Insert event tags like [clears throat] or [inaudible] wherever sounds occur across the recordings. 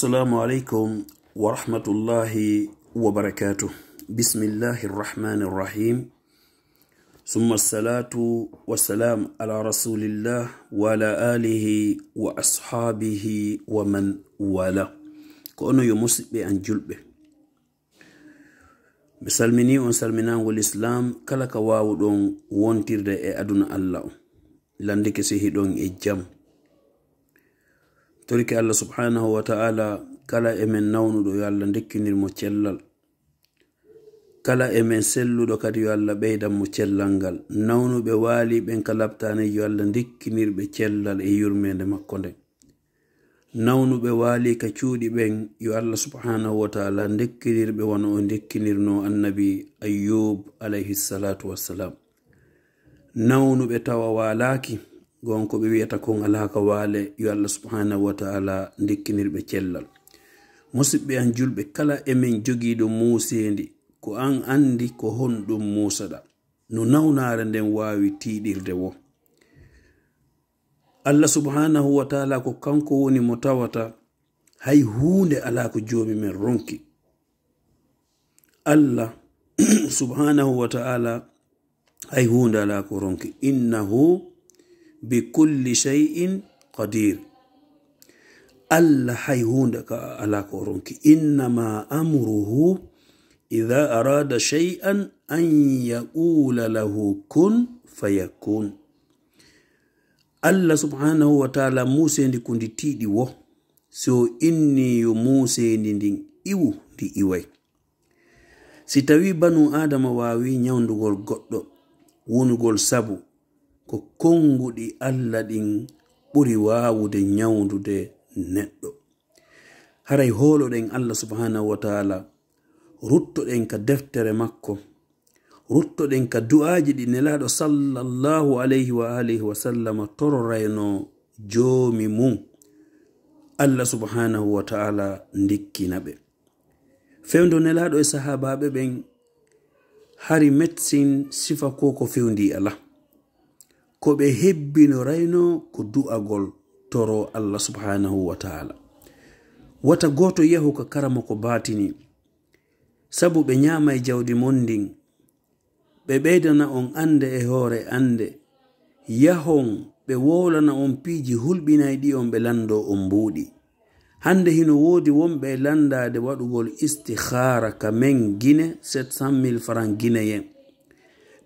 assalamu alaykum wa rahmatullahi wa barakatuh bismillahi arrahmani arrahim summa assalatu wassalam ala rasulillah wa ala alihi wa ashabihi wa man wala ko ono yo musidɓe an julɓe mi salmini on salminagol islam kala ka wawuɗon wontirde e aduna allah o landeke sehiɗon e jaam torki allah subhanahu wa ta'ala kala emen nawnuɗo yo allah dekkinirmo cellal kala emen selluɗo kadi yo allah ɓeydanmo cellal ngal nawnuɓe waali ɓen kalabtani yo allah dekkinirɓe cellal e yurmede makko nde nawnuɓe waali ka cuuɗi ɓen yo allah subhanahu wa taala dekkinirɓe wano o dekkinirno annabi ayyub alayhi ssalatu wassalam nawnuɓe tawa waalaki gon ko ɓe wiyata kon alahaka waale yo allah subhanahu wa taala ndikkinirɓe cellal musidɓe an julɓe kala emin jogiiɗo muuseendi ko an anndi ko honɗum muusaɗa no nawnaare nden waawi tiiɗirde wo allah subhanahu wa taala ko kanko woni mo tawata hay huunde alaa ko joomi men ronki allah [clears throat] subhanahu wa taala hay huunde alaa ko ronki innahu bi kulli shay'in qadir allah hay hunde ka ala ko ronki innama amruhu ida arada shay'an an yaqula lahu kun fayakun allah subhanahu wa taala musendi kundi tiiɗi wo so inniyo musendi ndin iwu ndi iway si tawi banu adama wawi nyawdugol goɗɗo wonugol sabu ko konnguɗi allah ɗin ɓuri waawude nyawdude neɗɗo haray hooloɗen allah subhanahu wa taala ruttoɗen ka deftere makko ruttoɗen ka du'aaji ɗi nelaaɗo sallallahu alayhi wa alihi wa sallama tororayno joomi mum allah subhanahu wa taala ndikkina ɓe fewndo nelaaɗo e sahaabaaɓe ɓen hari médecine sifa ko ko fewndi e alaa ko ɓe hebbino rayno ko du'agol toro allah subhanahu wa taala wata goto yehu ka karama ko batini sabu ɓe ñama e jawdi mon ndin ɓe ɓeydana on ande e hoore ande yahon ɓe wowlana on piiji hulɓinay ɗi on ɓe lando on mbuuɗi hande hino woodi wonɓe e landade waɗugol istihara ka men guine 700 mil franc guineyen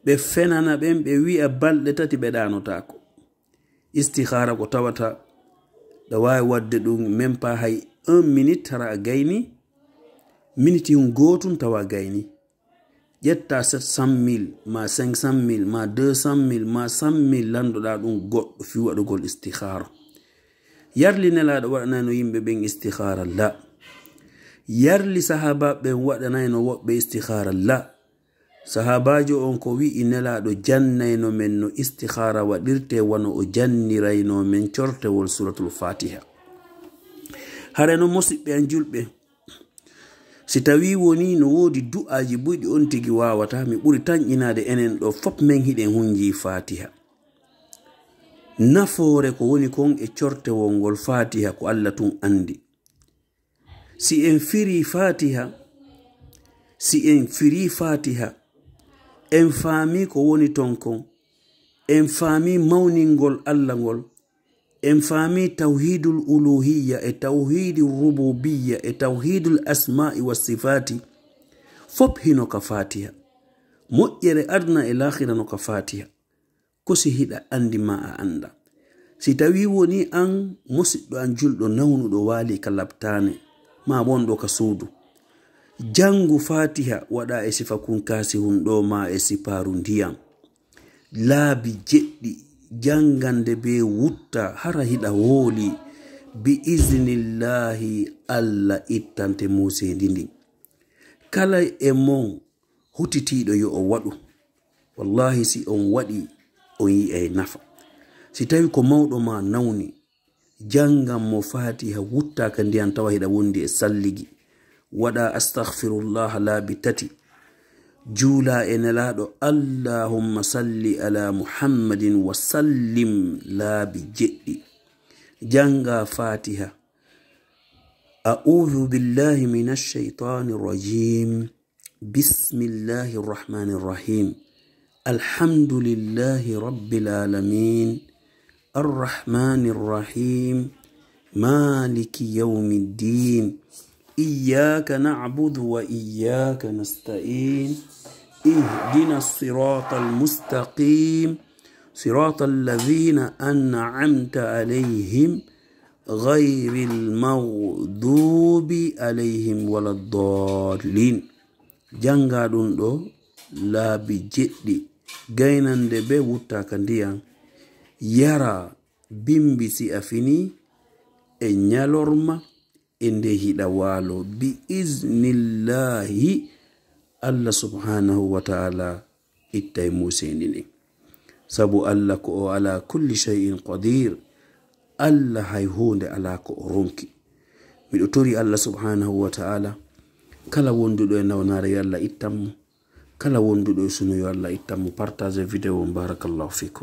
ɓe fenana ɓen ɓe wi'a balɗe tati ɓeɗanotako istihara ko tawata ɗa wawi wadde ɗum même pas hay un minute tara a gayni minute hun gotum tawa gayni ƴetta 700 mille ma 500 mille ma 200 mille ma 100 mille landuɗa ɗum goɗɗo fi waɗugol istihara yarli nelaɗo waɗanayno yimɓe ɓen istihara la yarli sahaba ɓen waɗanayno woɓɓe istihara la sahabajo on ko wi'i nelaɗo jannayno men no istihara waɗirte wano o janniraino men cortewol suratul fatiha hare no musiɓɓe an julɓe si tawi woni no wodi du'aji ɓuyɗi on tigi wawata mi ɓuri tanƴinade enen ɗo fop men hiɗen hunji fatiha nafoore ko woni kon e cortewol ngol fatiha ko allah tun andi si en firi fatiha si en firi fatiha en faami ko woni ton kon en faami mawningol allah ngol en faami tawhidul uluhiya e tawhidul rububiya e tawhidul asma'i wassifati fop hino ka fatiha moƴƴere aduna e lahira no ka fatiha ko si hiɗa andi ma a anda si tawi woni an musiɗɗo an julɗo nawnuɗo waali ka labtane ma wonɗo ka suudu jangu fatiha waɗa e sifa kunkasi hunɗoma e siparu ndiyam laabi jeɗɗi jangande be wutta hara hiɗa wooli bi isnillahi allah ittante musedi ndi kala e mon hutitiɗo yo o waɗu wallahi si on waɗi on yi'ay e nafa si tawi ko mawɗo ma nawni jangan mo fatiha wuttaka ndiyam tawa hiɗa wondi e salligi ودا استغفر الله لا بتتي جولا ان انلادو اللهم صل على محمد وسلم لا بجدي جنغا فاتحة أعوذ بالله من الشيطان الرجيم بسم الله الرحمن الرحيم الحمد لله رب العالمين الرحمن الرحيم مالك يوم الدين إياك نعبد وإياك نستعين اهدنا الصراط المستقيم صراط الذين أنعمت عليهم غير المغضوب عليهم ولا الضالين جانغا دون دو لا بجدي غينان دي بي وطا كنديان يرى بمبسي أفني e ñalorma inde e hiɗa waalo bi isnillahi allah subhanahu wa taala ittay museni ni sabu allah ko o ala kulli cheyin qadir allah hay hunde ala ko o ronki miɗo tori allah subhanahu wa taala kala wonduɗo e nawnare yo allah ittanmo kala wonduɗo e sunoyo allah ittanmo partage e vidéo barakallahu fikum